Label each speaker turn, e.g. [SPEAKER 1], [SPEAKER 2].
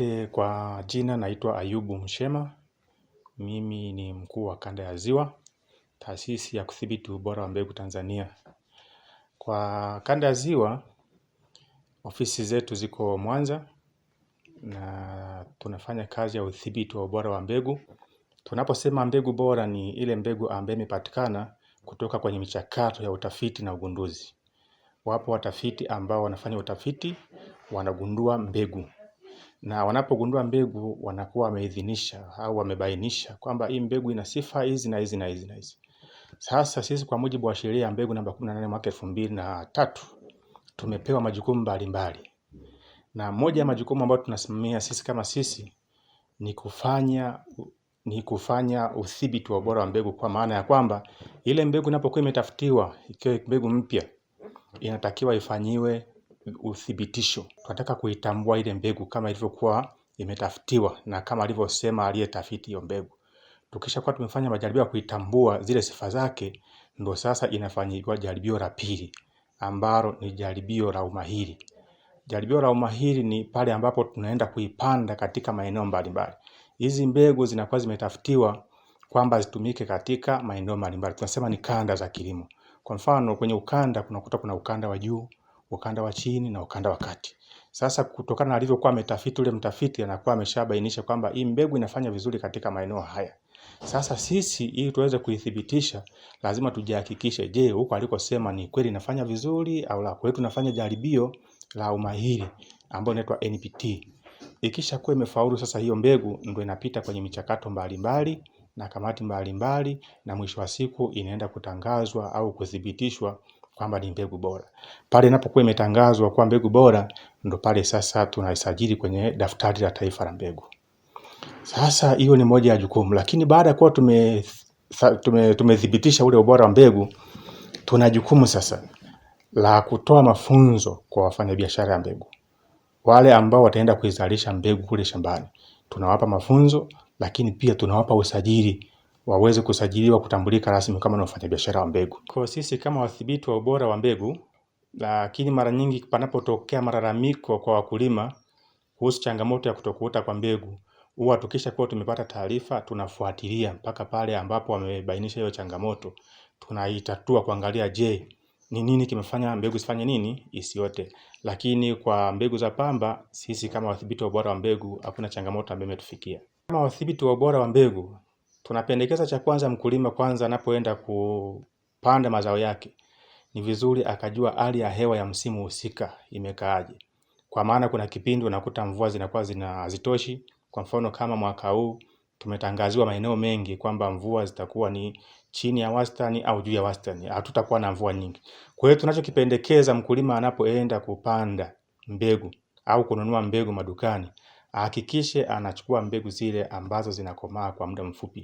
[SPEAKER 1] Asante kwa jina naitwa Ayubu Mshema. Mimi ni mkuu wa kanda ya Ziwa, taasisi ya kudhibiti ubora wa mbegu Tanzania. Kwa kanda ya Ziwa, ofisi zetu ziko Mwanza na tunafanya kazi ya udhibiti wa ubora wa mbegu. Tunaposema mbegu bora ni ile mbegu ambayo imepatikana kutoka kwenye michakato ya utafiti na ugunduzi. Wapo watafiti ambao wanafanya utafiti, wanagundua mbegu na wanapogundua mbegu wanakuwa wameidhinisha au wamebainisha kwamba hii mbegu ina sifa hizi na hizi na hizi na hizi. Sasa sisi kwa mujibu wa sheria ya mbegu namba 18 mwaka tatu tumepewa majukumu mbalimbali, na moja ya majukumu ambayo tunasimamia sisi kama sisi ni kufanya ni kufanya udhibiti wa ubora wa mbegu, kwa maana ya kwamba ile mbegu inapokuwa imetafutiwa, ikiwa mbegu mpya, inatakiwa ifanyiwe uthibitisho. Tunataka kuitambua ile mbegu kama ilivyokuwa imetafutiwa na kama alivyosema aliyetafiti hiyo mbegu. Tukishakuwa tumefanya majaribio ya kuitambua zile sifa zake, ndio sasa inafanyiwa jaribio la pili ambalo ni jaribio la umahiri. Jaribio la umahiri ni pale ambapo tunaenda kuipanda katika maeneo mbalimbali. Hizi mbegu zinakuwa zimetafutiwa kwamba zitumike katika maeneo mbalimbali. Tunasema ni kanda za kilimo. Kwa mfano, kwenye ukanda kunakuta kuna ukanda wa juu, ukanda wa chini na ukanda wa kati. Sasa kutokana na alivyokuwa ametafiti ule mtafiti, anakuwa ameshabainisha kwamba hii mbegu inafanya vizuri katika maeneo haya. Sasa sisi ili tuweze kuithibitisha lazima tujihakikishe, je, huko alikosema ni kweli inafanya vizuri au la? Kwa hiyo tunafanya jaribio la umahiri ambayo inaitwa NPT. Ikisha kuwa imefaulu sasa, hiyo mbegu ndio inapita kwenye michakato mbalimbali mbali, na kamati mbalimbali mbali, na mwisho wa siku inaenda kutangazwa au kuthibitishwa kwamba ni mbegu bora. Pale inapokuwa imetangazwa kuwa mbegu bora, ndo pale sasa tunaisajili kwenye daftari la taifa la mbegu. Sasa hiyo ni moja ya jukumu, lakini baada ya kuwa tumethibitisha tume, ule ubora wa mbegu, tuna jukumu sasa la kutoa mafunzo kwa wafanyabiashara ya mbegu, wale ambao wataenda kuizalisha mbegu kule shambani, tunawapa mafunzo, lakini pia tunawapa usajili waweze kusajiliwa kutambulika rasmi kama ni wafanyabiashara wa mbegu.
[SPEAKER 2] Kwa sisi kama wadhibiti wa ubora wa mbegu, lakini mara nyingi panapotokea malalamiko kwa wakulima kuhusu changamoto ya kutokuota kwa mbegu, huwa tukisha kuwa tumepata taarifa, tunafuatilia mpaka pale ambapo wamebainisha hiyo changamoto, tunaitatua kuangalia, je, ni nini kimefanya mbegu isifanye nini, isiote. Lakini kwa mbegu za pamba, sisi kama wadhibiti wa ubora wa mbegu, hakuna changamoto ambayo imetufikia. Kama wadhibiti wa ubora wa mbegu, Tunapendekeza cha kwanza, mkulima kwanza anapoenda kupanda mazao yake ni vizuri akajua hali ya hewa ya msimu husika imekaaje, kwa maana kuna kipindi unakuta mvua zinakuwa hazitoshi. Kwa mfano kama mwaka huu tumetangaziwa maeneo mengi kwamba mvua zitakuwa ni chini ya wastani au juu ya wastani, hatutakuwa na mvua nyingi. Kwa hiyo tunachokipendekeza mkulima anapoenda kupanda mbegu au kununua mbegu madukani, ahakikishe anachukua mbegu zile ambazo zinakomaa kwa muda mfupi.